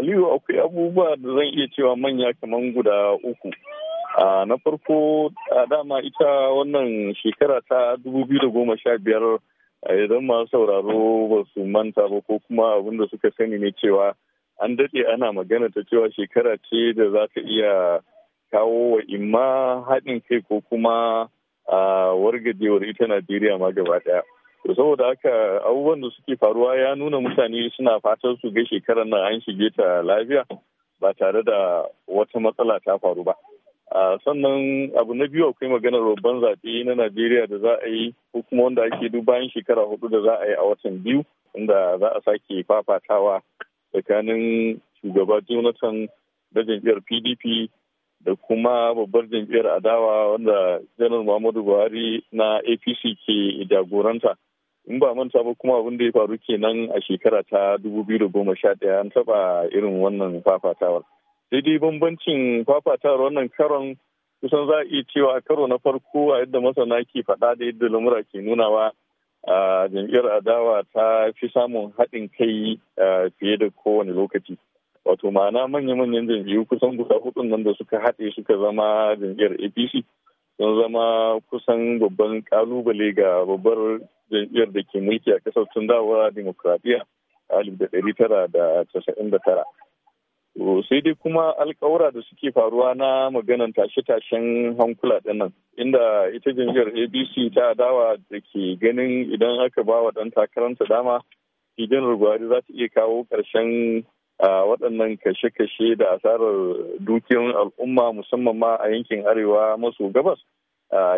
aliyu akwai abubuwa da zan iya cewa manya kamar guda uku na farko dama ita wannan shekara ta sha 2015 idan masu sauraro ba su manta ba ko kuma abin suka sani ne cewa an daɗe ana magana ta cewa shekara ce da za ta iya kawo wa imma haɗin kai ko kuma wargajewar ita najeriya ma gaba ɗaya to saboda haka abubuwan da suke faruwa ya nuna mutane suna fatan su ga shekarar nan an shige ta lafiya ba tare da wata matsala ta faru ba sannan abu na biyu akwai maganar babban zaɓe na najeriya da za a yi ko kuma wanda ake bayan shekara hudu da za a yi a watan biyu inda za a sake fafatawa tsakanin shugaba jonathan da jam'iyyar pdp da kuma babbar jam'iyyar adawa wanda janar muhammadu buhari na apc ke jagoranta in ba manta ba kuma abin da ya faru kenan a shekara ta ɗaya an taba irin wannan fafatawar sai dai bambancin fafatawar wannan karon kusan za a iya cewa karo na farko a yadda masana ke faɗa da yadda lamura ke nunawa a jam'iyyar adawa ta fi samun haɗin kai fiye da kowane lokaci wato ma'ana manya-manyan jam'iyyu kusan guda hudun nan da suka haɗe suka zama jam'iyyar apc sun zama kusan babban kalubale ga babbar jam'iyyar da ke mulki a kasar tun dawa demokradiyya a alif da ɗari tara da casa'in da tara. sai dai kuma alkawura da suke faruwa na maganan tashe-tashen hankula dinnan inda ita jam'iyyar abc ta adawa da ke ganin idan aka ba wa ɗan takaranta dama idan rugwari za ta iya kawo ƙarshen waɗannan kashe-kashe da asarar dukiyar al'umma musamman ma a yankin arewa maso gabas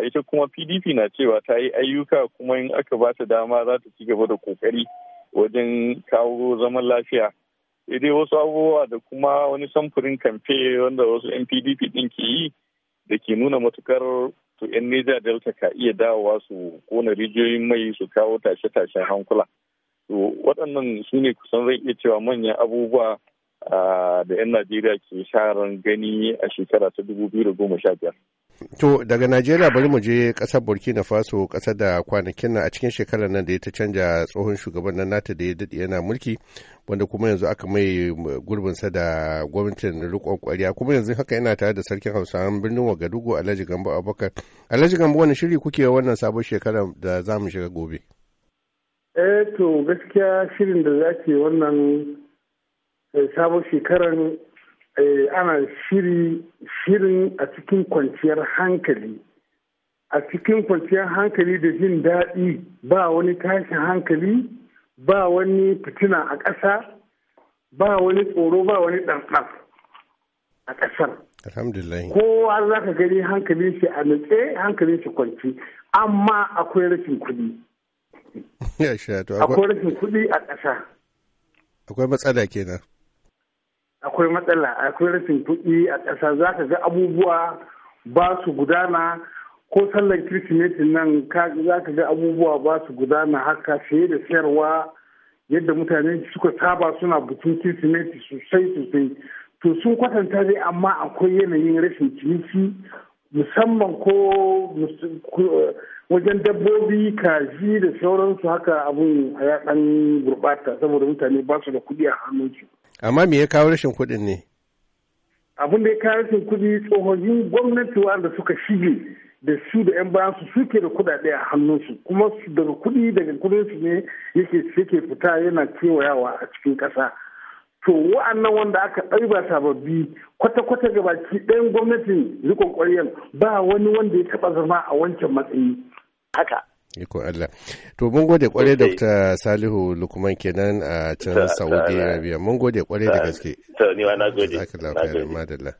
ita kuma pdp na cewa ta yi ayyuka kuma in aka ba ta dama za ta ci gaba da kokari wajen kawo zaman lafiya dai wasu abubuwa da kuma wani samfurin kamfe wanda wasu yan pdp ɗin ke yi da ke nuna matukar to yan neja delta ka iya dawowa su kona rijiyoyin mai su kawo tashe-tashen hankula to waɗannan su ne kusan zai iya cewa manyan abubuwa da 'yan najeriya ke sharan gani a shekara ta 2015 to daga najeriya bari mu je ƙasar burkina faso ƙasar da kwanakin nan a cikin shekarar nan da ya ta canja tsohon shugaban nan nata da ya daɗe yana mulki wanda kuma yanzu aka mai gurbinsa da gwamnatin rikon kwariya kuma yanzu haka yana tare da sarkin an birnin wagadugu alhaji gambo abubakar alhaji gambo wani shiri kuke wannan sabon shekarar da za mu shiga gobe eh to gaskiya shirin da za ke wannan eh, sabon shekaran eh, ana shiri shirin a cikin kwanciyar hankali a cikin kwanciyar hankali da jin daɗi ba wani tashin hankali ba wani fitina a ƙasa ba wani tsoro ba wani ɗanɗan a ƙasar alhamdulillah kowa za ka gani hankalin shi a nutse hankalin shi kwanci amma akwai rashin kuɗi Akwai rashin kuɗi a ƙasa. Akwai matsala kenan. Akwai matsala, akwai rashin kuɗi a ƙasa za ka ga abubuwa ba su gudana ko sallar kirsimeti nan za ka ga abubuwa ba su gudana haka fiye da sayarwa yadda mutane suka saba suna bikin kirsimeti sosai sosai to sun kwatanta dai amma akwai yanayin rashin ciniki musamman ko wajen dabbobi kaji da sauransu haka abun ya dan gurbata saboda mutane ba su da kuɗi a hannunsu. amma me ya kawo rashin kuɗin ne abin da ya kawo rashin kuɗi tsohon gwamnati wanda suka shige da su da 'yan su suke da kuɗaɗe a hannunsu kuma daga kuɗi daga su ne yake fita yana kewayawa a cikin ƙasa to wa'annan wanda aka ɗaiba sababbi kwata-kwata gabaki ɗayan gwamnatin rikon ƙwaryen ba wani wanda ya taɓa zama a wancan matsayi haka Iko Allah. To mun gode kwarai Dr. Salihu Lukman kenan a can Saudi Arabia. Mun gode kwarai da gaske. To ni wa na gode. Zaka lafiya madalla.